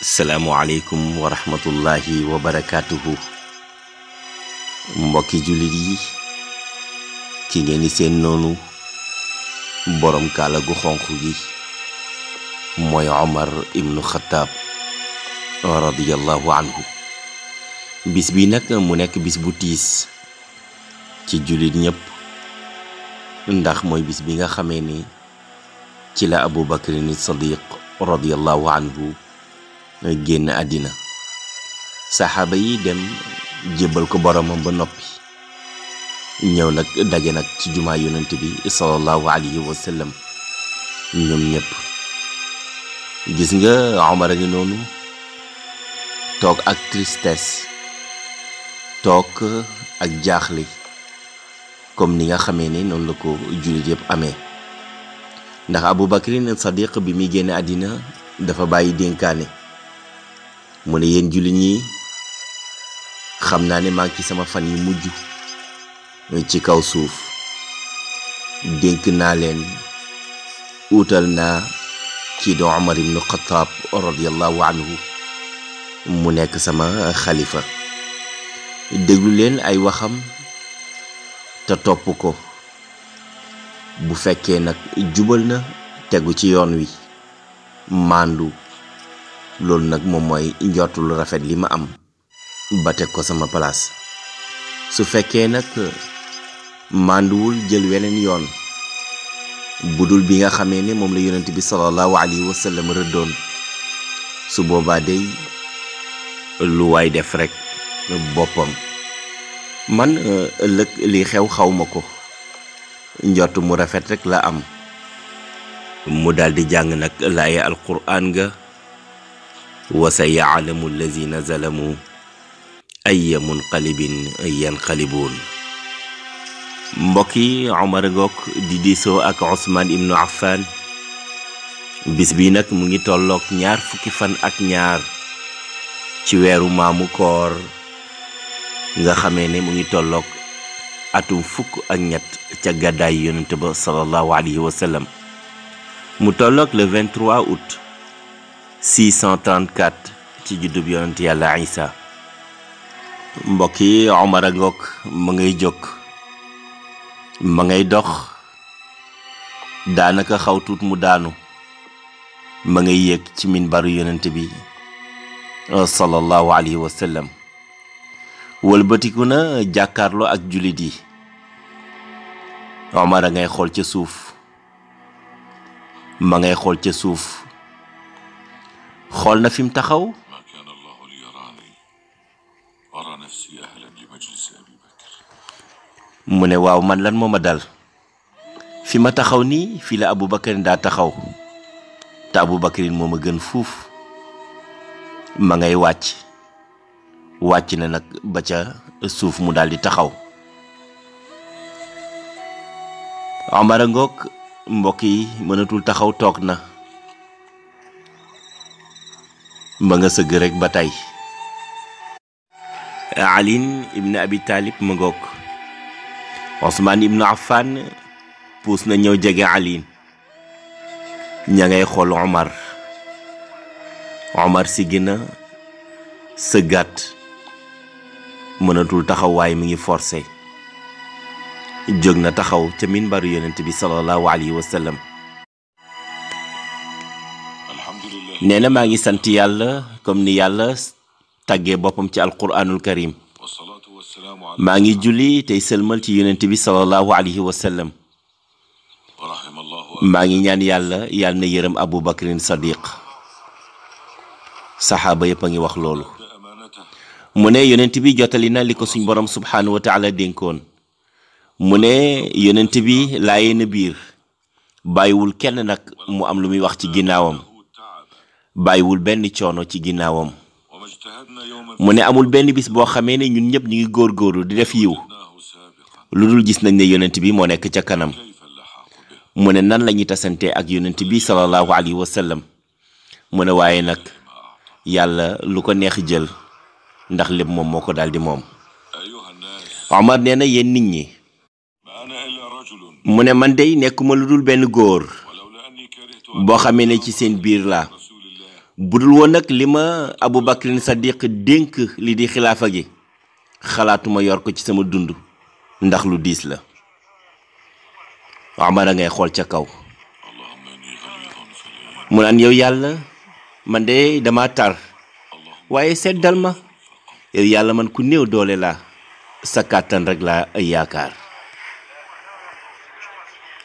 salaamualeykum wa rahmatullahi wa barakaatuhu mbokki jullit yi ki ngeen di seen noonu boroom kaala gu xonq gi mooy Omar ibnu Xataab radiyallahu anhu bis bi nag mu nekk bis bu tiis ci jullit ñëpp ndax mooy bis bi nga xamee ni ci la Abu Bakrin Sadiq radiyallahu anhu génn àddina saxaaba yi dem jébbal ko boromam ba noppi ñëw nag daje nag ci jumaa yonent bi sallallahu alayhi wa sallam ñoom ñëpp gis nga Omar a ngi noonu toog ak tristesse toog ak jaaxle comme ni nga xamee ni noonu la ko jullit yëpp amee ndax Abu Bakrin Sadiq bi muy génne àddina dafa bàyyi dénkaane mu ne yéen jullit ñi xam naa ni maa ngi ci sama fan yi mujj ci kaw suuf dénk naa leen uutal naa kii doo Omar ibnu Xataab radiyallahu anhu mu nekk sama xalifa déglu leen ay waxam te topp ko bu fekkee nag jubal na tegu ci yoon wi màndu loolu nag moom mooy njortul rafet li ma am ba teg ko sama place su fekkee nag mànduwul jël weneen yoon budul bi nga xamee ne moom la yonant bi sallallahu alayhi wa sallam rëddoon su boobaa day lu waay def rekk boppam man ëllëg li xew xaw ma ko njort mu rafet rek la am mu daldi jàng nag laaye alquraan nga wa sa yaalamu allazina zalamu ayya munqalibin yanqalibuun mbokki Omar Ngok di diisoo ak Ousmane ibnu Affan bis bi nag mu ngi tolloog ñaar fukki fan ak ñaar ci weeru maamu koor nga xamee ne mu ngi tolloog atum fukk ak ñett ca gàddaay yonent ba sallallahu alayhi wa mu tolloog le 23 août 634 ci juddub yonent yàlla mbokk yi Omar a ngoog ma ngay jóg ma ngay dox daanaka xaw tuut mu daanu ma ngay yéeg ci minbaru yonent bi sallallahu alayhi wa sallam na jàkkaarloo ak jullit yi Omar a ngay xool ca suuf ma ngay xool ca suuf xool na fi mu taxaw mu ne waaw man lan moo ma dal fi ma taxaw nii fii la Abu Bakarin daa taxaw te Abu Bakarin moo ma gën fuuf ma ngay wàcc wàcc na nag ba ca suuf mu dal di taxaw Omar a ngoog mbokk yi mënatul taxaw toog na ma nga sëgg rek ba tey alin ibn abi taalib ma ngoog osmaan ibnu affan puus na ñëw jege alin ña ngay xool omar omar si gina sëggaat mënatul taxaw waaye mi ngi forcé jóg na taxaw ca minbaru yonent bi sallallahu alayhi wa nee na maa ngi sant yàlla comme ni yàlla tàggee boppam ci alquraanul karim maa ngi julli tey sëlmal ci yonent bi sallallahu alayhi wa sallam maa ngi ñaan yàlla yàlla na yërëm abu bakrin sadiq saxaaba yëpp a ngi wax loolu mu ne yonent bi jottali na li ko suñ borom subhaanahu wa taala dénkoon mu ne yonent bi laayee na biir bàyyiwul kenn nag mu am lu muy wax ci ginnaawam bàyyiwul benn coono ci ginnaawam mu ne amul benn bis boo xamee ne ñun ñëpp ñu ngi góorgóorlu di def yiw lu dul gis nañ ne yonent bi moo nekk ca kanam mu ne nan la ñuy tasante ak yonent bi sallallahu alayhi wa sallam mu ne waaye nag yàlla lu ko neex jël ndax lépp moom moo ko daal di moom Omar nee na nit ñi mu ne man dey nekkuma lu dul benn góor boo xamee ne ci seen biir laa bu dul woon nag li ma abu Aboubacrine Sadiq dénk li di xilaafa gi xalaatuma yor ko ci sama dund ndax lu diis la Omar a ngay xool ca kaw mu naan yow yàlla man de dama tar waaye seddal ma yow yàlla man ku néew doole laa sa kàttan rekk laa ay yaakaar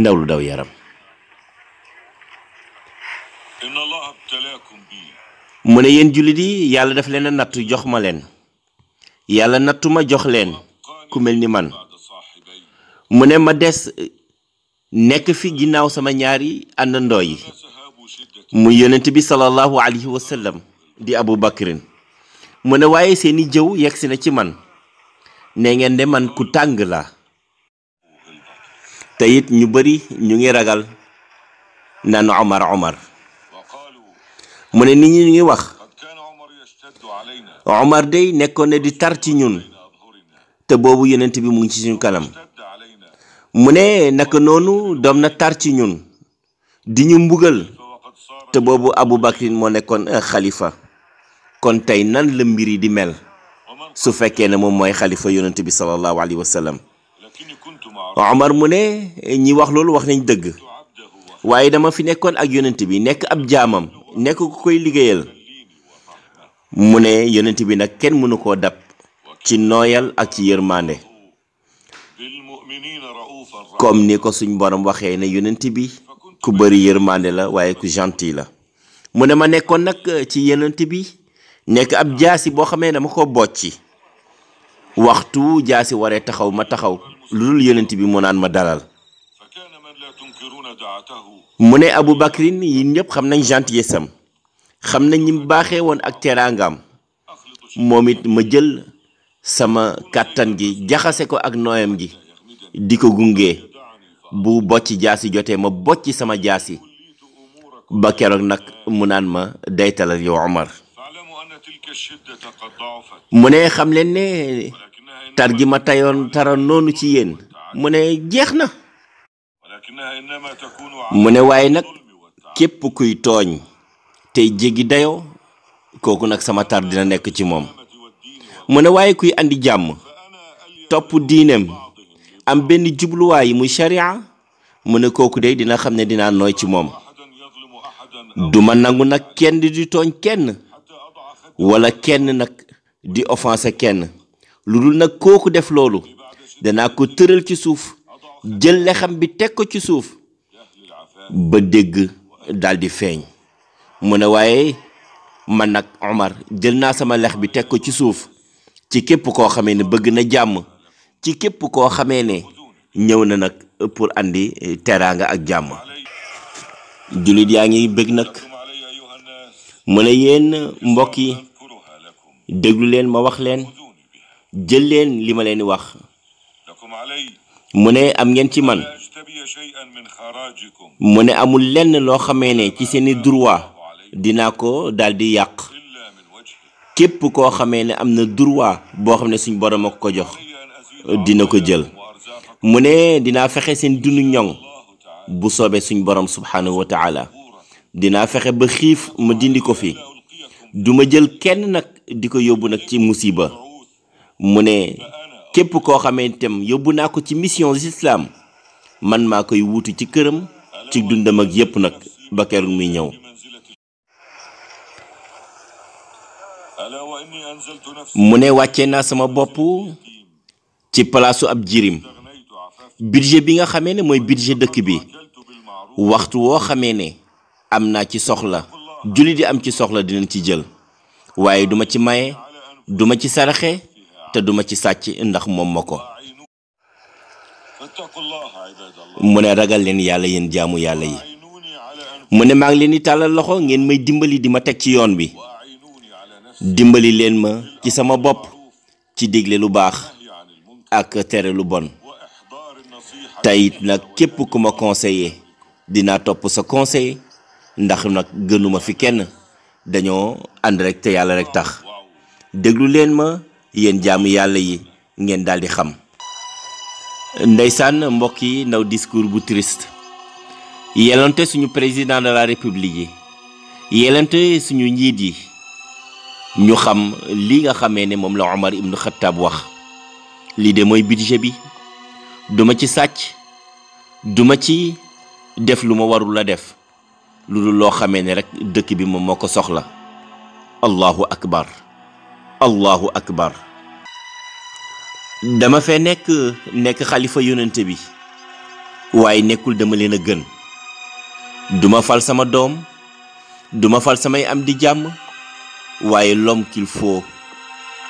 ndaw lu daw yaram mu ne yéen jullit yi yàlla daf leen a nattu jox ma leen yàlla nattuma jox leen ku mel ni man mu ne ma des nekk fi ginnaaw sama ñaari àndandoo yi muy yonent bi sallallahu alayhi wa di abu bakrin mu ne waaye seeni jëw yegsi na ci man ne ngeen de man ku tàng la te ñu bari ñu ngi ragal naan Omar Omar mu ne nit ñi ñu ngi wax Omar day nekkoon na di tar ci ñun te boobu yonent bi mu ngi ci suñu kanam mu ne naka noonu doom na tar ci ñun di ñu mbugal te boobu Abu Bakrin moo nekkoon euh, xalifa kon tey nan la mbir yi di mel su fekkee ne moom mooy xalifa yonent bi sallallahu alayhi wa Omar mu ne ñi wax loolu wax nañ dëgg waaye dama fi nekkoon ak yonent bi nekk ab jaamam nekk ku koy liggéeyal mu ne yonent bi nag kenn mënu koo dab ci nooyal ak ci yërmande comme ni ko suñ borom waxee ne yonent bi ku bari yërmande la waaye ku gentil la mu ne ma nekkoon nag euh, ci yonent bi nekk ab jaasi boo xamee dama ko bocci waxtu jaasi waree taxaw ma taxaw lu dul yonent bi mu naan ma dalal mu ne Abu Bakrin yi ñëpp xam nañ gentillesse am xam nañ ñi baaxee woon ak teraangam moom it ma jël sama kàttan gi jaxase ko ak nooyam gi di ko gunge bu bocc jaasi jotee ma bocc sama jaasi ba keroog nag mu naan ma daytalal yoo Omar mu ne xam leen ne tar gi ma tayoon taroon noonu ci yéen mu ne jeex na mu ne waaye nag képp kuy tooñ tey jéggi dayoo kooku nag sama tar dina nekk ci moom mu ne waaye kuy andi jàmm topp diineem am benn jubluwaay yi muy sharia mu ne kooku de dina xam ne dinaa nooy ci moom duma nangu nag kenn di tooñ kenn wala kenn nag di offenser kenn lu dul nag kooku def loolu danaa ko tëral ci suuf jël lexam bi teg ko ci suuf ba dégg daldi feeñ mu ne waaye man nag Omar jël naa sama lex bi teg ko ci suuf ci képp koo xamee ne bëgg na jàmm ci képp koo xamee ne ñëw na nag pour andi eh, teraanga ak jàmm jullit yaa ngi bëgg nag mu ne yéen mbokk yi déglu leen ma wax leen jël leen li ma leen di wax mu ne am ngeen ci man mu ne amul lenn loo xamee ne ci seeni droit dinaa ko daal di yàq képp koo xamee ne am na droit boo xam ne suñ borom a ko jox dina ko jël mu ne dinaa fexe seen dund ñoŋ bu soobee suñ borom subhaanahu wa taala dinaa fexe ba xiif ma dindi ko fi duma jël kenn nag di ko yóbbu nag ci musiba mu ne képp koo xamante ne yóbbu naa ko ci mission islam man maa koy wuutu ci këram ci dundam ak yépp nag ba keroog muy ñëw. mu ne wàcce naa sama bopp ci palaasu ab jirim budget bi nga xamee ne mooy budget dëkk bi waxtu woo xamee ne am naa ci soxla julli di am ci soxla dinañ ci jël waaye duma ci maye duma ci saraxe te duma ci sàcc ndax moom ma ko mu ne ragal leen yàlla yéen jaamu yàlla yi mu ne maa ngi leen di tàllal loxo ngeen may dimbali di ma teg ci yoon bi dimbali leen ma ci sama bopp ci digle lu baax ak tere lu bon tayit nag képp ku ma conseiller dinaa topp sa conseil ndax nag gënuma fi kenn dañoo ànd rek te yàlla rek tax déglu leen ma yéen jaamu yàlla yi ngeen daal di xam ndeysaan mbokk yi ndaw discours bu triste yelante suñu président de la république yi yelante suñu njiit yi ñu xam li nga xamee ne moom la Omar ibnu Xattaab wax lii de mooy budget bi duma ci sàcc duma ci def lu ma warul la def lu dul loo xamee ne rekk dëkk bi moom moo ko soxla allahu akbar allahu akbar dama fee nekk nekk xalifa yonente bi waaye nekkul dama leen a gën duma fal sama doom duma fal samay am di jàmm waaye lom qu'il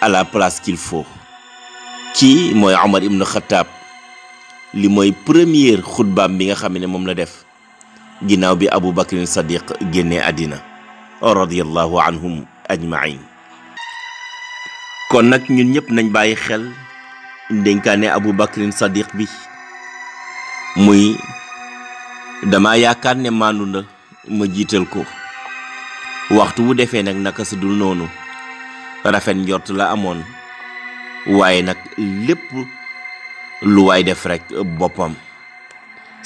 à la place kilfo faut kii mooy Omar ibnu Xattaab li mooy première xutbaam bi nga xam ne moom la def ginnaaw bi Abu Bakrin Sadiq génne àddina radiyallahu anhum kon nag ñun ñëpp nañ bàyyi xel dénkaane Abu Bakrin Sadiq bi muy dama yaakaar ne màndu na ma jiital ko waxtu wu defee nag naka su dul noonu rafet njort la amoon waaye nag lépp lu waay def rekk boppam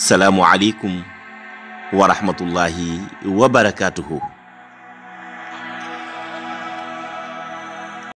salaamu aleykum wa rahmatullahi wa barakaatuhu